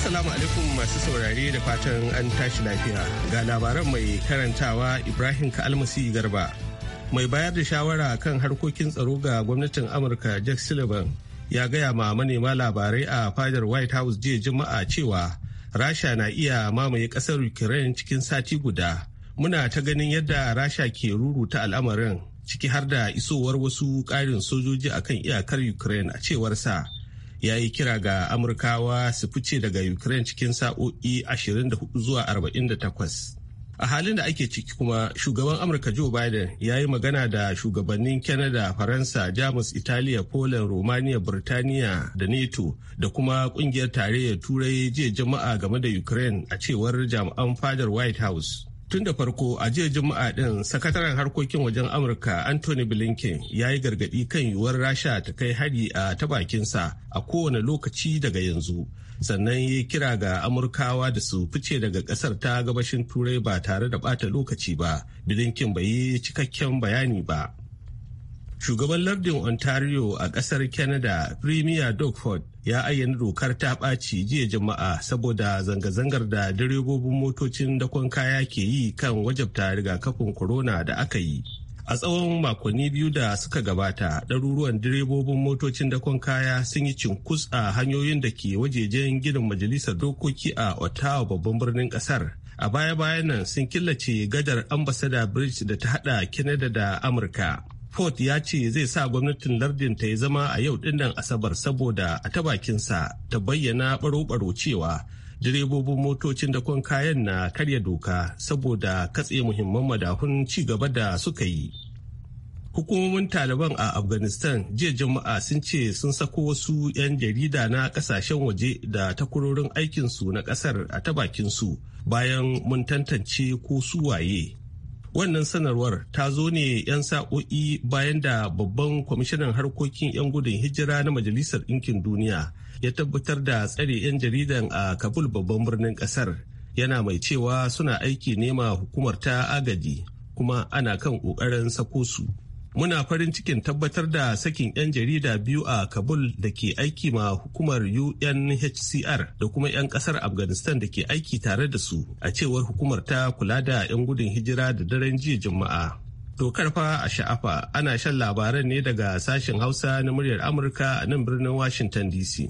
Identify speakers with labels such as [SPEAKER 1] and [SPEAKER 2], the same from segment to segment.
[SPEAKER 1] Assalamu alaikum masu saurare da fatan an tashi lafiya. Ga labaran mai karantawa Ibrahim Kalmasi Garba. Mai bayar da shawara kan harkokin tsaro ga gwamnatin Amurka Jack Sullivan ya gaya ma manema labarai a fadar White House jiya Juma'a cewa Rasha na iya mamaye kasar Ukraine cikin sati guda. Muna ta ganin yadda Rasha ke ruruta al'amarin ciki har da isowar wasu ƙarin sojoji akan iyakar Ukraine a cewar sa. ya yi kira ga amurkawa su fice daga ukraine cikin sa'o'i 24 zuwa 48 a halin da ake ciki kuma shugaban amurka joe biden ya yi magana da shugabannin canada faransa jamus italiya poland romania birtaniya da nato da kuma kungiyar tarayyar turai jiya jama'a game da ukraine a cewar jami'an fadar white house Tun da farko a jiya Juma'a din sakataren harkokin wajen Amurka Anthony Blinken ya yi gargadi kan yiwuwar Rasha ta kai hari a ta bakinsa a kowane lokaci daga yanzu. Sannan ya kira ga Amurkawa da su fice daga ƙasar ta gabashin Turai ba tare da bata lokaci ba. Blinken bai yi cikakken bayani ba. shugaban lardin ontario a kasar canada premier doug ford ya ayyana dokar ta ɓaci jiya jama'a saboda zanga-zangar da direbobin motocin dakon kaya ke yi kan wajabta rigakafin corona da aka yi a tsawon makonni biyu da suka gabata ɗaruruwan direbobin motocin dakon kaya sun yi cinkus a hanyoyin da ke wajejen gidan majalisar dokoki a ottawa babban birnin Kasar, a baya-bayan nan sun killace gadar ambasada bridge da ta haɗa canada da amurka Ford ya ce zai sa gwamnatin lardin ta yi zama a yau dinnan Asabar saboda a ta bakinsa ta bayyana baro-baro cewa direbobin motocin da kwan kayan na karya doka saboda katse muhimman madahun ci gaba da suka yi. Hukumomin Taliban a Afghanistan jiya Juma'a sun ce sun sako wasu 'yan jarida na kasashen waje da takwarorin aikinsu na kasar a ta su bayan mun tantance ko su waye. Wannan sanarwar ta zo ne 'yan sa'o'i bayan da babban kwamishinan harkokin 'yan gudun hijira na Majalisar Ɗinkin Duniya ya tabbatar da tsare 'yan jaridan a Kabul babban birnin ƙasar. Yana mai cewa suna aiki nema hukumar ta agaji kuma ana kan ƙoƙarin sako su. muna farin cikin tabbatar da sakin 'yan jarida biyu a kabul da ke aiki ma hukumar unhcr da kuma 'yan kasar afghanistan da ke aiki tare da su a cewar hukumar ta kula da 'yan gudun hijira da daren jiya juma'a Dokar fa a sha'afa ana shan labaran ne daga sashen Hausa na muryar Amurka a nan birnin Washington DC.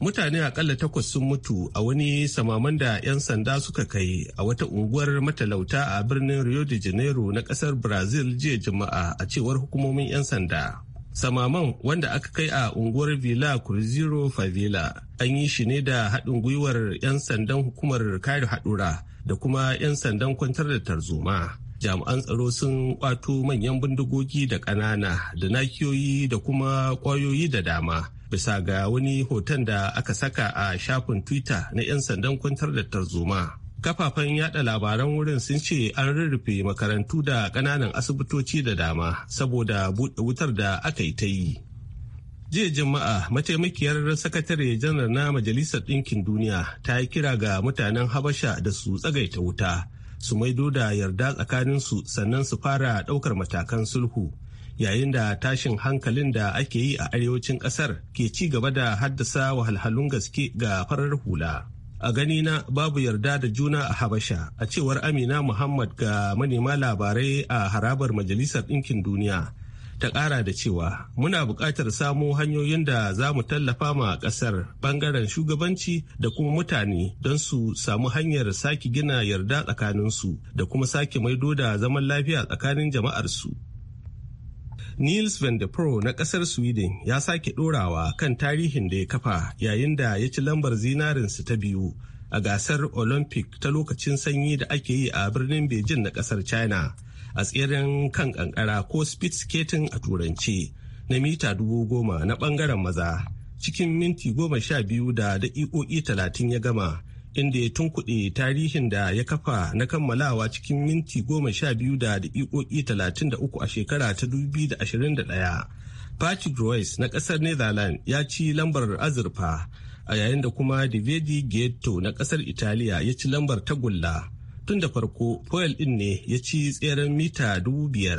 [SPEAKER 1] mutane akalla takwas sun mutu a wani samaman da 'yan sanda suka kai a wata unguwar matalauta a birnin rio de janeiro na kasar brazil jiya juma'a a cewar hukumomin 'yan sanda samaman wanda aka kai a unguwar villa cruzeiro favela an yi shi ne da haɗin gwiwar 'yan sandan hukumar kare haɗura da kuma 'yan sandan kwantar da tarzoma jami'an tsaro sun kwato manyan bindigogi da ƙanana da nakiyoyi da kuma ƙwayoyi da dama bisa ga wani hoton da aka saka a shafin twitter na 'yan sandan kwantar da tarzoma kafafen yada labaran wurin sun ce an rurrufe makarantu da kananan asibitoci da dama saboda buɗe wutar da aka yi ta yi jiya Juma'a mataimakiyar sakatare janar na majalisar ɗinkin duniya ta yi kira ga mutanen habasha da su tsagaita wuta su maido da yarda tsakaninsu sannan su fara ɗaukar matakan sulhu yayin da tashin hankalin da ake yi a arewacin kasar ke ci gaba da haddasa wahalhalun gaske ga farar hula a ganina babu yarda da juna a habasha a cewar amina muhammad ga manema labarai a harabar majalisar ɗinkin duniya ta ƙara da cewa muna buƙatar samo hanyoyin da za mu tallafa ma ƙasar ɓangaren shugabanci da kuma mutane don su samu hanyar sake gina yarda tsakaninsu da kuma sake maido da zaman lafiya tsakanin jama'arsu Nils van der Pro na kasar Sweden ya sake ɗorawa kan tarihin da ya kafa yayin da ya ci lambar zinarinsa ta biyu a gasar Olympic ta lokacin sanyi da ake yi a birnin Beijing na kasar China a tseren kan kankara ko speed skating a turance na mita dubu goma na bangaren maza cikin minti goma sha biyu da daƙiƙoƙi talatin ya gama inda ya tunkuɗe tarihin da ya kafa na kammalawa cikin minti goma sha biyu da daƙiƙoƙi talatin da uku a shekara ta dubi da ashirin da ɗaya. Patrick Royce na ƙasar Netherlands ya ci lambar azurfa a yayin da kuma Davide Ghetto na ƙasar Italiya ya ci lambar tagulla. Tun da farko, foil ɗin ne ya ci tseren mita dubu biyar.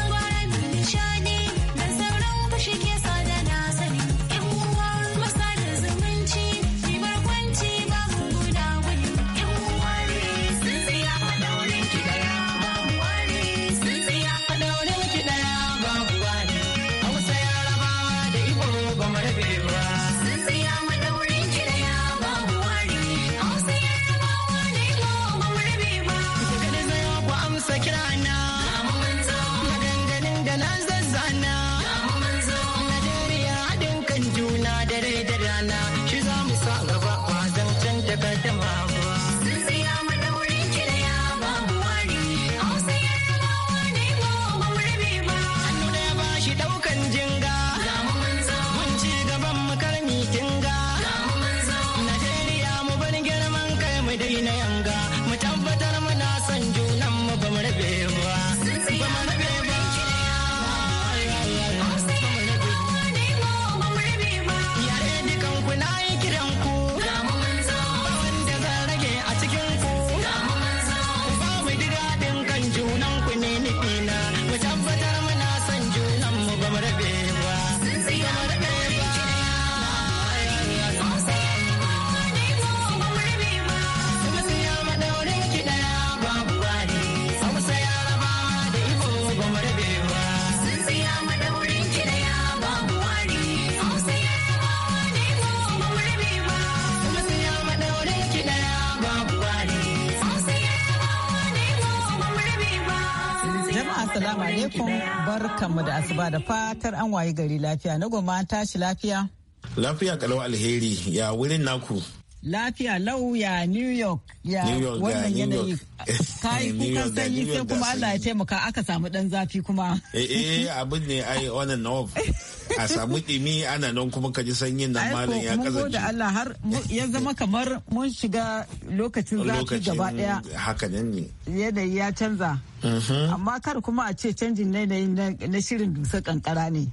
[SPEAKER 2] barkanmu da asuba da fatar an wayi gari lafiya na goma tashi lafiya.
[SPEAKER 3] Lafiya kalau alheri ya wurin naku.
[SPEAKER 2] Lafiya lau ya New York ya wannan yanayi. Kayi kukan sanyi sai kuma Allah ya taimaka aka samu dan zafi kuma.
[SPEAKER 3] Eh eh abin ne ai on and off. a samu dimi ana nan kuma ka ji sanyin nan malam ya ko da
[SPEAKER 2] Allah har ya zama kamar mun shiga lokacin zafi gaba daya
[SPEAKER 3] haka nan ne
[SPEAKER 2] yanayi ya canza mhm. amma kar kuma a ce canjin yanayi na shirin dusar kankara ne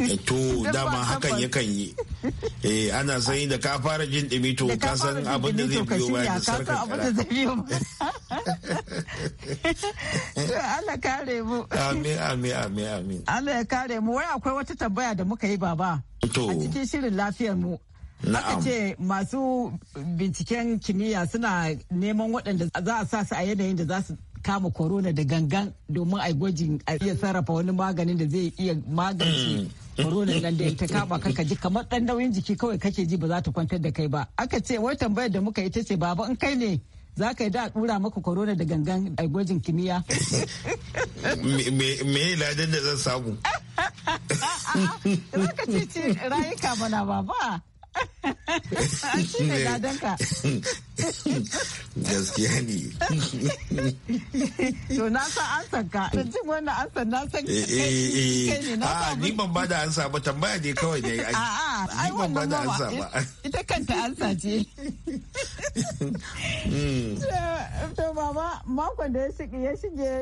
[SPEAKER 3] eh, to dama hakan yakan yi eh ana sanyi da ka fara jin dimi to ka san abin da zai biyo ba da sarka abin da zai
[SPEAKER 2] biyo Allah kare mu amin amin
[SPEAKER 3] amin amin
[SPEAKER 2] Allah ya kare mu wai akwai wata tambaya da muka yi baba a cikin shirin lafiyar mu Aka ce masu binciken kimiyya suna neman waɗanda za a sa su a yanayin da za su kama korona da gangan domin a gwajin a iya sarrafa wani maganin da zai iya magance
[SPEAKER 4] korona nan da ta kama kaka
[SPEAKER 2] ji kamar dan nauyin jiki kawai kake ji ba za ta kwantar da kai ba aka ce wai tambayar da muka yi ta ce baba in kai ne za ka yi da dura maka korona da gangan a gwajin kimiyya
[SPEAKER 3] me ya ladan da zan samu
[SPEAKER 2] za ka ce rayuka mana baba shi ne ka.
[SPEAKER 3] gaskiya ne
[SPEAKER 2] to na san an ka da jin wannan an san na san eh, eh, eh. a ni
[SPEAKER 3] ban ba da ansa ba tambaya ne kawai ne a
[SPEAKER 2] ni ban ba da ansa ba ita kanta ansa ce
[SPEAKER 3] hmm.
[SPEAKER 2] to baba makon da ya shige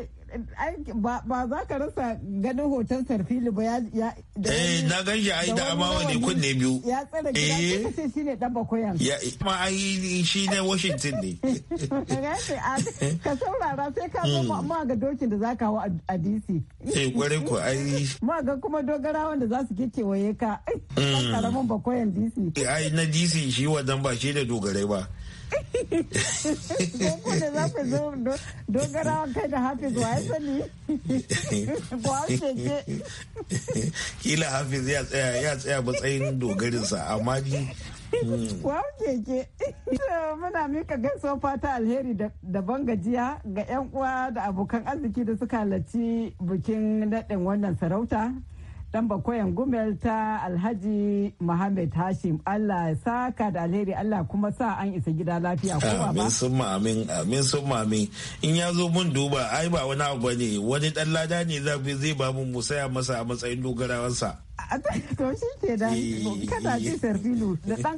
[SPEAKER 2] ba za ka rasa ganin hoton sarfili ba ya
[SPEAKER 3] eh na gan shi ai da amawa ne kunne biyu ya tsara gida eh.
[SPEAKER 2] kace shi ne dan bakoyan
[SPEAKER 3] ya ma ai shi ne washington ne
[SPEAKER 2] ah, ka saurara sai ka zo hmm. ma ga dokin da ka hawa a dc eh kware ko ai ma ga kuma dogara wanda za su kike waye ka karamin hmm. bakoyan dc
[SPEAKER 3] eh, ai na dc shi wannan ba shi da dogarai ba
[SPEAKER 2] ko da za ku zo kai da hafiz wa ya sani
[SPEAKER 3] kila hafiz ya tsaya ya tsaya matsayin dogarinsa amma ji hmm.
[SPEAKER 2] Wau keke muna mika gaisuwa fata alheri da ban gajiya ga 'yan uwa da abokan arziki da suka halarci bikin naɗin wannan sarauta dan bakoyan gumel ta alhaji Muhammad Hashim Allah ya saka da alheri Allah kuma sa an isa gida lafiya ko ba amin
[SPEAKER 3] sun amin amin sun amin in ya zo mun duba ai ba wani abu ne wani dan lada ne zafi zai ba mu musaya masa a matsayin dogarawansa
[SPEAKER 2] to eh.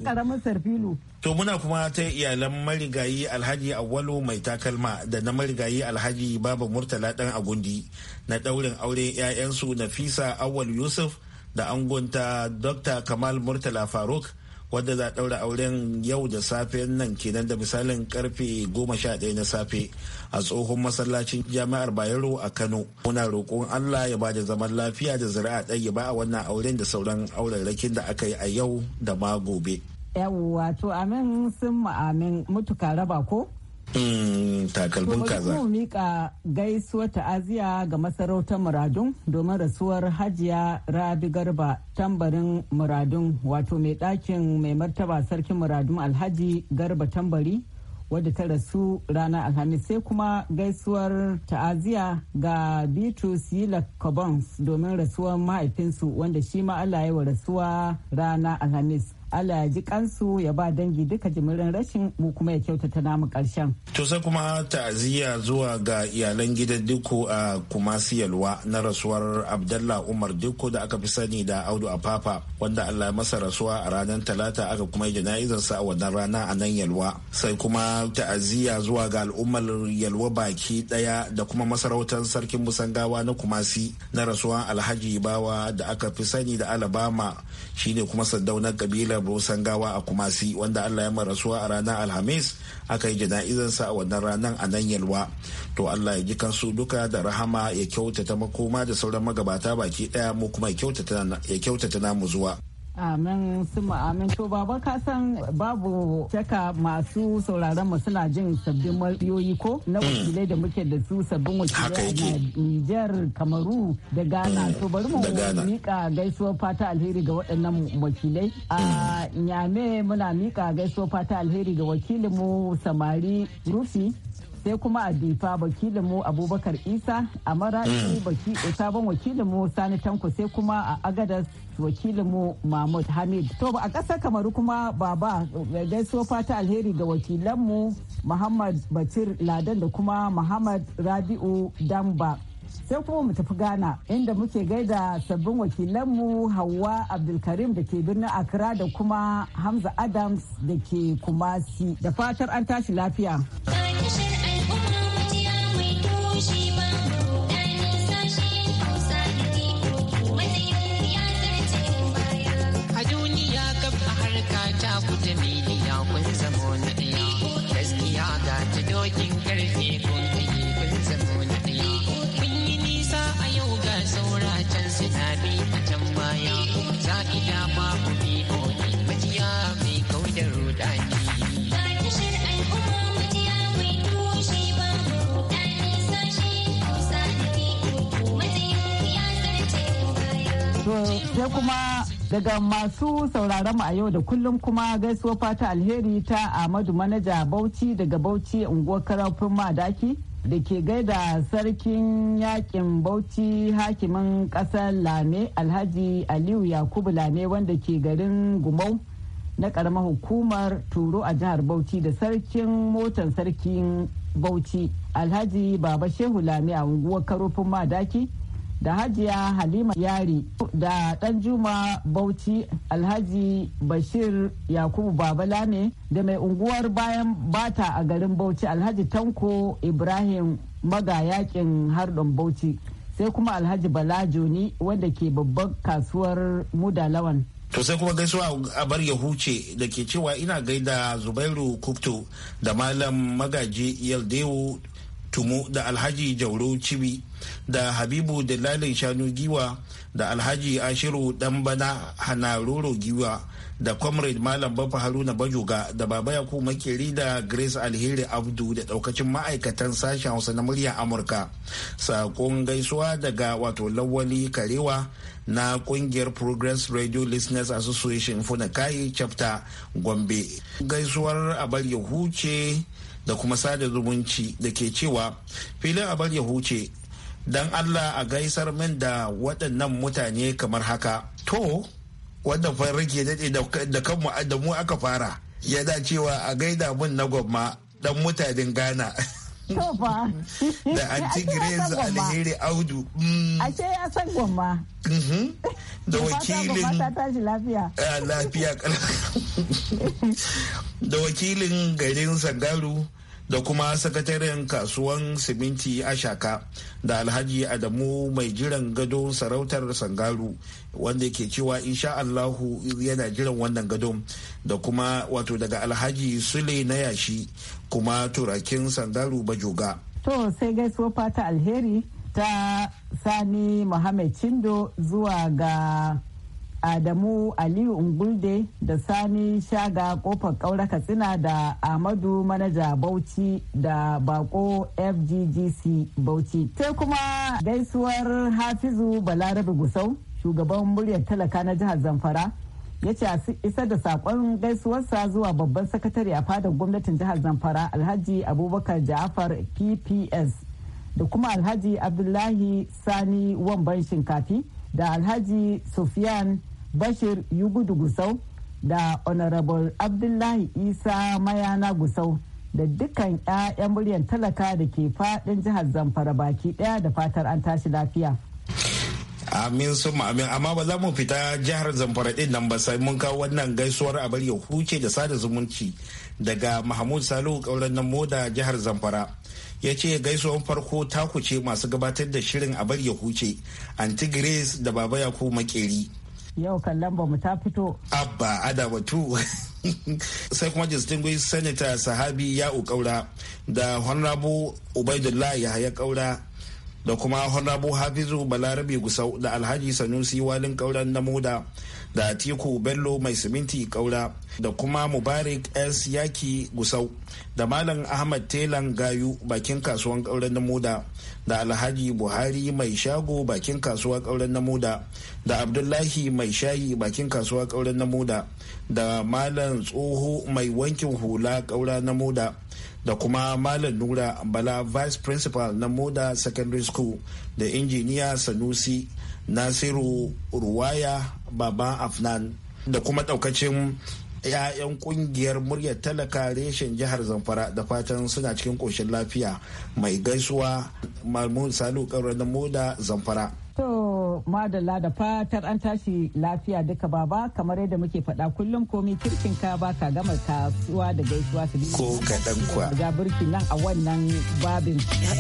[SPEAKER 2] ƙaramin
[SPEAKER 3] To muna kuma ta iyalan marigayi Alhaji Awwalu mai takalma da na marigayi Alhaji Baba Murtala dan Agundi na daurin aure 'ya'yansu Nafisa Awwal Yusuf da angonta Dr. Kamal Murtala Faruk wadda za a ɗaura auren yau da safe nan kenan da misalin karfe goma sha 11 na safe a tsohon masallacin jami'ar bayero a kano muna roƙon allah ya ba da zaman lafiya da zira'a ɗaya ba a wannan auren da sauran aurarrakin da aka yi a yau da ma gobe
[SPEAKER 2] yawwa to amin sun ma'amin mutuka raba ko
[SPEAKER 3] Mm, takalmin kaza. Mu
[SPEAKER 2] mika gaisuwa ta'aziya ga masarautar muradun domin rasuwar hajiya Rabi Garba tambarin muradun wato mai ɗakin mai martaba sarkin muradun Alhaji Garba tambari wadda ta rasu ranar Alhamis sai kuma gaisuwar ta'aziya ga Bitrus Yila Kobons domin rasuwar mahaifinsu wanda shi ma Allah ya wa rasuwa ranar Alhamis. Allah ya ji kansu ya ba dangi duka jimirin rashin mu kuma ya kyautata namu karshen.
[SPEAKER 3] To sai kuma ta'aziyya zuwa ga iyalan gidan Diko a Kumasi Yalwa na rasuwar Abdalla Umar Diko da aka fi sani da Audu Afafa wanda Allah ya masa rasuwa a ranar Talata aka kuma yi jana'izar sa a wannan rana a nan Yalwa. Sai kuma ta'aziyya zuwa ga al'ummar Yalwa baki daya da kuma masarautar sarkin Musangawa na Kumasi na rasuwar Alhaji Bawa da aka fi sani da Alabama shine kuma sandaunar kabilar rabo gawa a kumasi wanda allah ya rasuwa a ranar alhamis aka yi sa a wannan ranar a nan yalwa to allah ya ji kansu duka da rahama ya kyautata makoma da sauran magabata baki daya mu kuma ya kyautata namu zuwa
[SPEAKER 2] Amin su amin to baba ka san babu shaka masu sauraron mu suna jin sabbin muryoyi ko na wakilai da muke da su sabbin wakilai a Nijar Kamaru da Ghana mm. to bari mu mika gaisuwar fata alheri ga waɗannan wakilai a mm. Nyame muna mika gaisuwar fata alheri ga wakilin mu Samari Rufi sai kuma a difa wakilinmu abubakar isa a maraɗi mm. sabon wakilinmu sani tanko sai kuma a agadas wakilinmu mahmud hamid to a ƙasar kamaru kuma baba gaiso fata alheri ga wakilanmu muhammad batir ladan da kuma muhammad rabi'u damba sai kuma mu tafi ghana inda muke gaida sabbin wakilanmu hawa abdulkarim da ke birnin accra da kuma hamza adams da ke kumasi da fatar an tashi lafiya. To sai kuma daga masu sauraron mu a yau da kullum kuma gaisuwa fata alheri ta Ahmadu Manaja Bauchi daga Bauchi unguwar karafin madaki da ke gaida sarkin yakin Bauchi hakimin ƙasar Lame Alhaji Aliyu Yakubu Lame wanda ke garin Gumau na karamar hukumar Turo a jihar Bauchi da sarkin motan sarkin Bauchi Alhaji Baba Shehu Lame a unguwar karofin madaki. da hajiya halima yari da danjuma bauchi alhaji bashir yakubu babala ne da mai unguwar bayan bata a garin bauchi alhaji tanko ibrahim maga yakin hardon bauchi sai kuma alhaji bala joni wanda ke babban kasuwar mudalawan
[SPEAKER 3] to sai kuma gaisuwa a bar ya huce da ke cewa ina gaida zubairu kuktu da malam magaji yaldewu tumu da alhaji jauro cibi da habibu dalalin shanu giwa da alhaji ashiru dambana hanaroro giwa da comrade malam bafa haruna bajoga da baba yaku makeri da grace alheri abdu da daukacin ma'aikatan sashen hausa na muryar amurka sakon gaisuwa daga wato lawali karewa na kungiyar progress radio listeners association funakai chapter gombe gaisuwar abar yahuce da kuma sada zumunci da ke cewa filin abar ya huce don allah a gaisar min da waɗannan mutane kamar haka to wannan farrake daɗe da kanmu da mu aka fara ya da cewa a gaida mun na gwamma dan mutanen ghana
[SPEAKER 2] Da anti Grace Alheri Audu. Mm. Ashe ya san gwamma. Mm-hmm. Da wakilin. Lafiya.
[SPEAKER 3] Ah, da wakilin garin Sagaru. da kuma sakataren kasuwan siminti ashaka da alhaji adamu mai jiran gado sarautar sangaru wanda ke cewa insha allahu yana jiran wannan gadon da kuma wato daga alhaji sule na yashi kuma turakin sangaru bajoga
[SPEAKER 2] to sai gaisuwa fata alheri ta sani muhammad chindo zuwa ga Adamu Aliyu Ungulde da Sani Shaga kofar ƙaura Katsina da Ahmadu Manaja Bauchi da Bako FGGC Bauchi. Sai kuma gaisuwar Hafizu Balarabe Gusau, shugaban muryar talaka na jihar Zamfara. ya ce isa da saƙon gaisuwarsa zuwa babban sakatare a fadar gwamnatin jihar zamfara alhaji abubakar ja'afar pps da kuma alhaji abdullahi sani wamban shinkafi da alhaji sufyan bashir yugudu gusau da honorable abdullahi isa mayana gusau da dukkan 'ya'yan muryan talaka da ke faɗin jihar zamfara baki ɗaya da fatar an tashi lafiya
[SPEAKER 3] amin sun amin amma ba za mu fita jihar zamfara din nan ba sai mun kawo wannan gaisuwar a bari ya huce da sada zumunci daga mahmud salihu kauran nan moda jihar zamfara ya ce gaisuwan farko takuce masu gabatar da shirin a bar ya huce anti grace da baba yaku makeri
[SPEAKER 2] yau kallon ba mu ta fito
[SPEAKER 3] abba adabatu sai kuma distinguished senator sahabi ya ukaura da honorable ubaidullah yahaya kaura da kuma honorable hafizu balarabe gusau da alhaji sanusi walin kauran na moda da atiku bello mai siminti kaura da kuma mubarak s yaki gusau da malam ahmad telan gayu bakin kasuwan kauran na moda da alhaji buhari mai shago bakin kasuwa kauran na moda da abdullahi mai shayi bakin kasuwa kauran na moda da malam tsoho mai wankin hula kaura na moda da kuma Malam Nura Bala Vice Principal na Moda Secondary School da injiniya Sanusi Nasiru Ruwaya Baba Afnan da kuma daukacin 'ya'yan kungiyar muryar talaka reshen jihar Zamfara da fatan suna cikin ƙoshin lafiya mai gaisuwa Malmun Salu Kauran na Moda Zamfara.
[SPEAKER 2] To madalla da fatar an tashi lafiya duka baba kamar yadda muke faɗa kullum komi kirkin ka ba ka gama kasuwa da gaisuwa su Ko kaɗan kuwa. Ga burki nan a wannan babin. Ya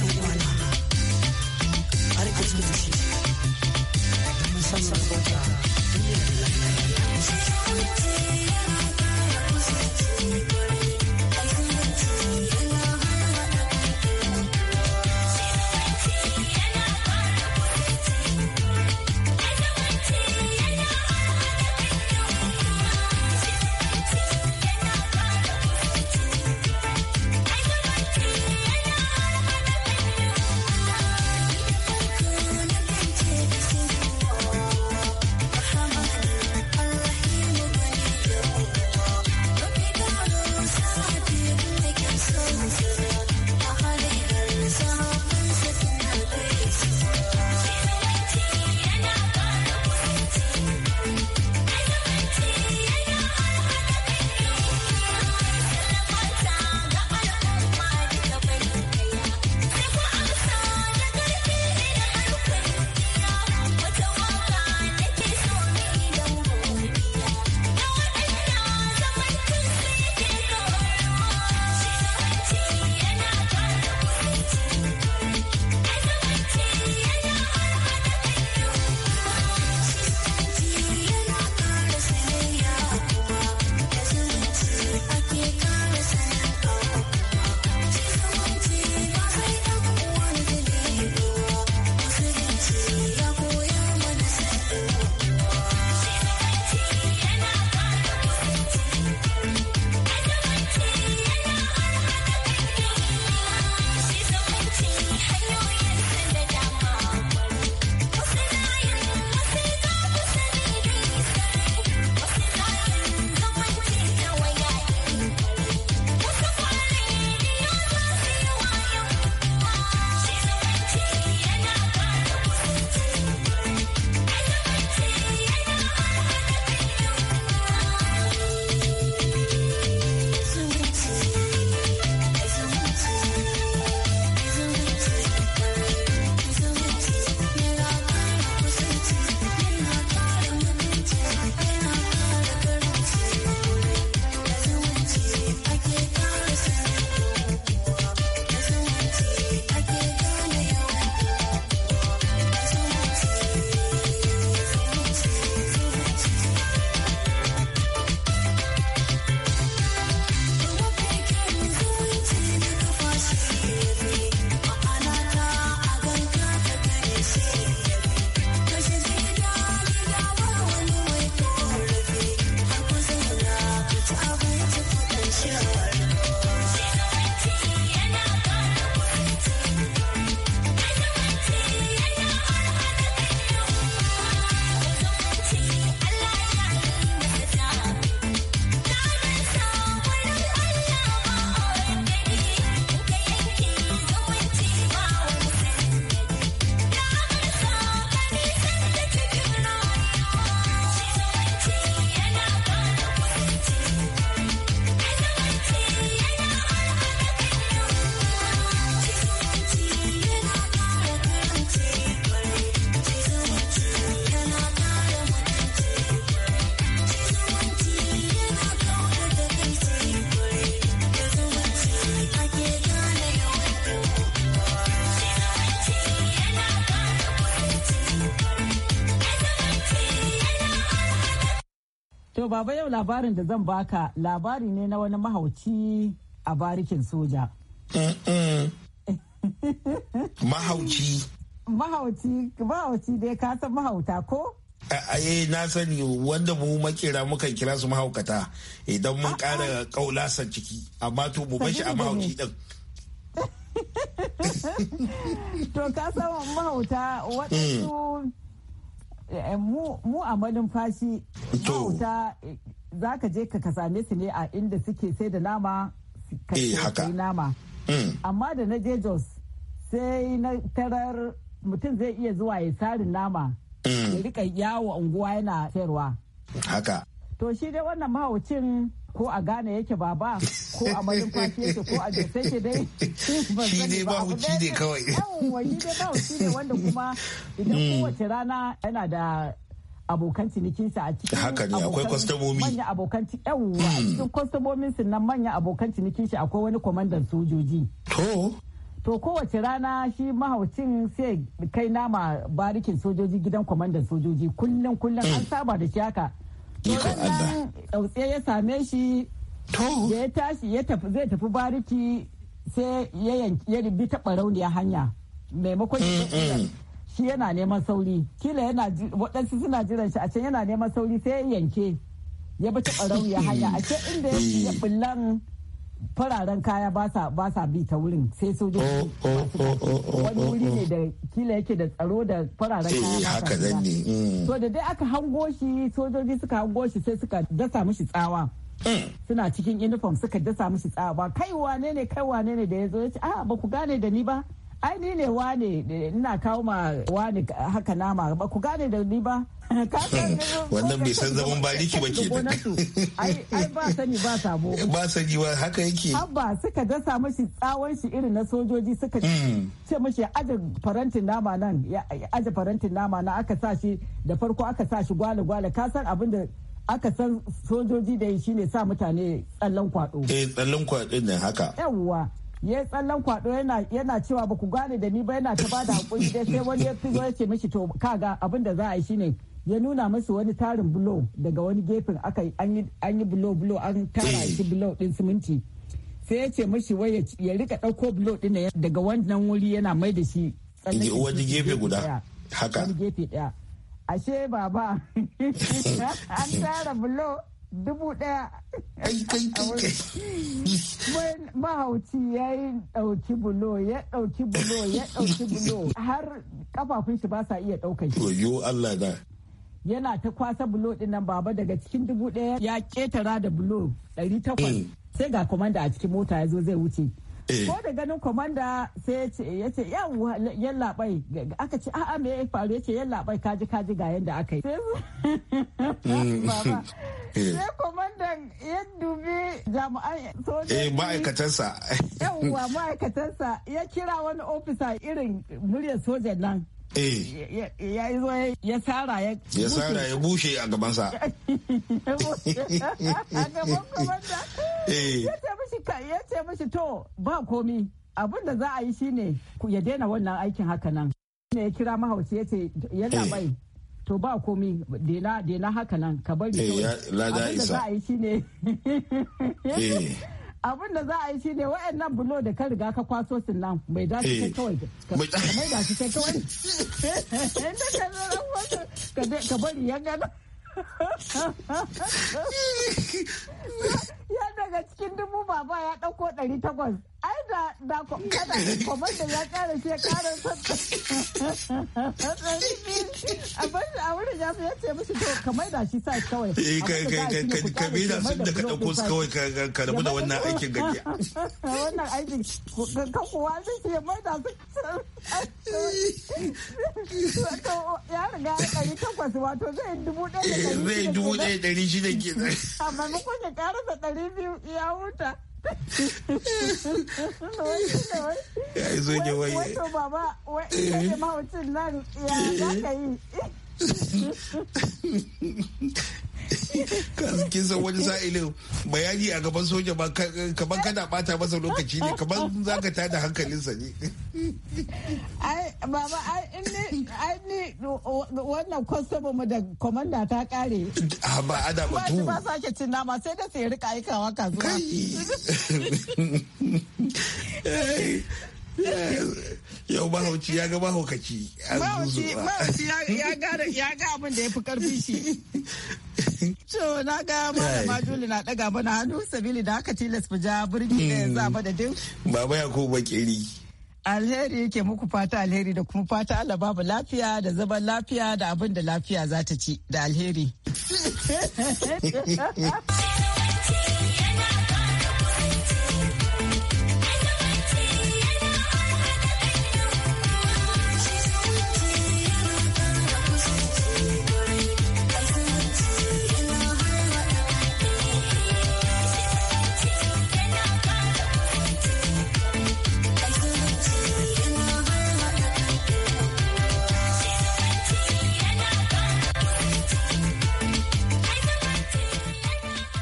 [SPEAKER 2] baba yau labarin da zan baka labari ne na wani mahauci a barikin soja. Mahauci. Mahauci, mahauci dai ka san mahauta ko?
[SPEAKER 3] Aye eh, na sani wanda mu makera mukan kira su mahaukata idan mun kara kaulasa ciki amma to mu bashi a mahauci din.
[SPEAKER 2] To ka san mahauta waɗansu mm. Eh, mu a malumfashi ta eh, za ka je ka same su ne a inda suke sai da nama eh, ka sai nama mm. amma da na je jos sai na tarar mutum zai iya zuwa ya sarin nama mm. ya rika yawo unguwa yana sayarwa haka to shi dai wannan mahaucin ko a Ghana yake baba ko a malumfashi yake ko a Jos yake dai shi ne ba hukki ne kawai yawon shi ne ba hukki ne wanda kuma idan mm. kowace rana yana da abokan cinikinsa a cikin
[SPEAKER 1] haka ne akwai kwastomomi manya
[SPEAKER 2] abokan yawwa a mm. cikin kwastomomin sun nan manya abokan cinikin shi akwai wani kwamandan sojoji to to kowace rana shi mahaucin sai kai nama barikin sojoji gidan kwamandan sojoji kullum kullum an mm. saba da shi haka Ikon Allah. Ɗautse ya same shi. To. Ya tashi ya tafi zai tafi bariki sai ya yanki ya rubi ta barauniya hanya. Maimakon shi mm, mm. shi yana neman sauri. Kila yana waɗansu suna jiran shi a can yana neman sauri sai ya yanke. Ya bi taɓa barauniya hanya. A can inda ya eh. bullan fararen kaya ba sa bi ta wurin sai sojoji oh, oh, oh, wani wuri ne da kila yake da tsaro da fararen kaya ba haka
[SPEAKER 4] mm.
[SPEAKER 2] da dai aka hango shi sojoji suka hango shi sai suka dasa mishi tsawa mm. suna cikin uniform suka dasa mishi tsawa kai wane ne kai wane ne da ya zo ya ce a ah, ba ku gane da ni ba ai ni ne wane ina kawo ma wane haka nama ba ku gane da ni ba
[SPEAKER 3] wannan bai san zaman bariki ba ke
[SPEAKER 2] ai ba sani ba sabo
[SPEAKER 3] ba sani ba haka
[SPEAKER 2] yake abba suka dasa mashi tsawon shi irin na sojoji suka ce hmm. mashi aje farantin nama nan aje farantin nama na aka sa shi da farko aka sa shi gwale gwale ka san abin da aka san sojoji da shi ne sa mutane tsallan kwado eh
[SPEAKER 3] tsallan kwado ne haka
[SPEAKER 2] yawwa ya tsallan kwado yana cewa baku ku gane da ni ba yana ta bada hakuri dai sai wani ya fi ya ce mishi to kaga abin da za a yi shine ya nuna musu wani tarin bulo daga wani gefen aka an yi bulo bulo an tara shi bulo din siminti sai ya ce mishi wai ya rika dauko bulo din daga wannan wuri yana mai da shi wani gefe guda haka gefe daya ashe baba an tara bulo dubu daya mahauci ya yi dauki bulo ya dauki bulo ya dauki bulo har kafafun shi ba sa iya daukar shi yo Allah da yana ta kwasa bulo din baba daga cikin dubu daya ya ketara da bulo 800 eh. sai ga komanda a cikin mota ya zo zai wuce Eh. ko da ganin komanda sai ya ce yan labai aka ce a'a me ya faru ya ce yan labai kaji kaji ga yadda aka yi sai komandan mm. eh. ya dubi jami'an sojoji eh,
[SPEAKER 3] ma'aikatansa
[SPEAKER 2] yawwa ma'aikatansa ya kira wani ofisa irin muryar sojan nan ya zo ya tsara ya ya tsara ya bushe a gabansa eh. ya ce mishi to ba komi abin da za a yi shine ya daina wannan aikin haka nan ne ya kira mahauci ya ce yana eh. bai to ba komi dena haka nan ka bari eh, abin da za a yi shine abin da za a yi shine nan bulo da ka riga ka kwaso sun nan bai da shi kai kawai mai da shi kai kawai inda ka zara wasu ka bari ya gana ya daga cikin dubu baba ya ɗauko ɗari takwas ai da da kwamfada kwamfada ya kara shekara tsari abin a wurin ya ya ce musu to ka eh, da shi sai kawai ka bi da su da ka dauko su kawai ka rabu da wannan aikin gajiya wannan aikin ka kuwa zai ce ya maida su ya riga ya ɗari takwas wato zai dubu ɗaya
[SPEAKER 3] da ɗari eh, shida ke kenan
[SPEAKER 2] amma mukun ya karasa ɗari biyu ya huta ya baba wai ita mahaucin nan ya za yi
[SPEAKER 3] kin san wani sa'ilin bayani a gaban soja ba kamar kana bata masa lokaci ne kamar za ka tada hankalinsa ne
[SPEAKER 2] Baba, ai wannan kwastoma mu da komanda ta kare.
[SPEAKER 3] Ba a da batu. Ba
[SPEAKER 2] sake cin nama sai da sai rika ka zuwa.
[SPEAKER 3] Yau mahauci ya ga mahaukaci. Mahauci
[SPEAKER 2] ya ga abin da ya fi karfi shi. To na ga malama Juli na daga mana hannu sabili da aka tilas ja birni da yanzu a hmm. madadin.
[SPEAKER 3] Baba ya ko bakeri.
[SPEAKER 2] alheri yake muku fata alheri da kuma fata Allah babu lafiya da zaman lafiya da abin da lafiya za ta ci da alheri.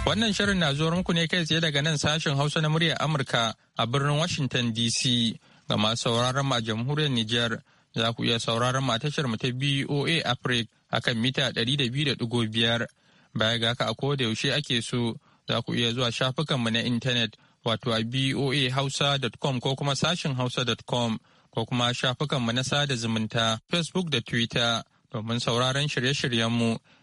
[SPEAKER 5] Wannan shirin na zuwa muku ne kai tsaye daga nan sashen Hausa na muryar Amurka a birnin Washington DC ga masu sauraron ma jamhuriyar Nijar za ku iya sauraron ma tashar mu ta BOA Africa akan mita 200.5 baya ga haka a koda yaushe ake so za ku iya zuwa shafukan mu na intanet wato a BOA boahausa.com ko kuma sashen hausa.com ko kuma shafukan mu na sada zumunta Facebook da Twitter domin sauraron shirye shiryen mu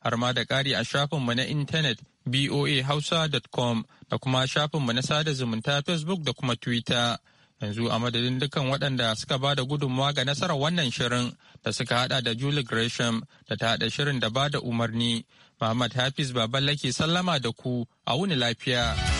[SPEAKER 5] har ma da ƙari a shafinmu na intanet boahausa.com da kuma shafinmu na sada zumunta facebook da kuma twitter yanzu a madadin dukkan waɗanda suka ba da gudunmawa ga nasarar wannan shirin da suka hada da julie gresham da ta hada shirin da ba da umarni muhammad hafiz baballa ke sallama da ku a wuni lafiya.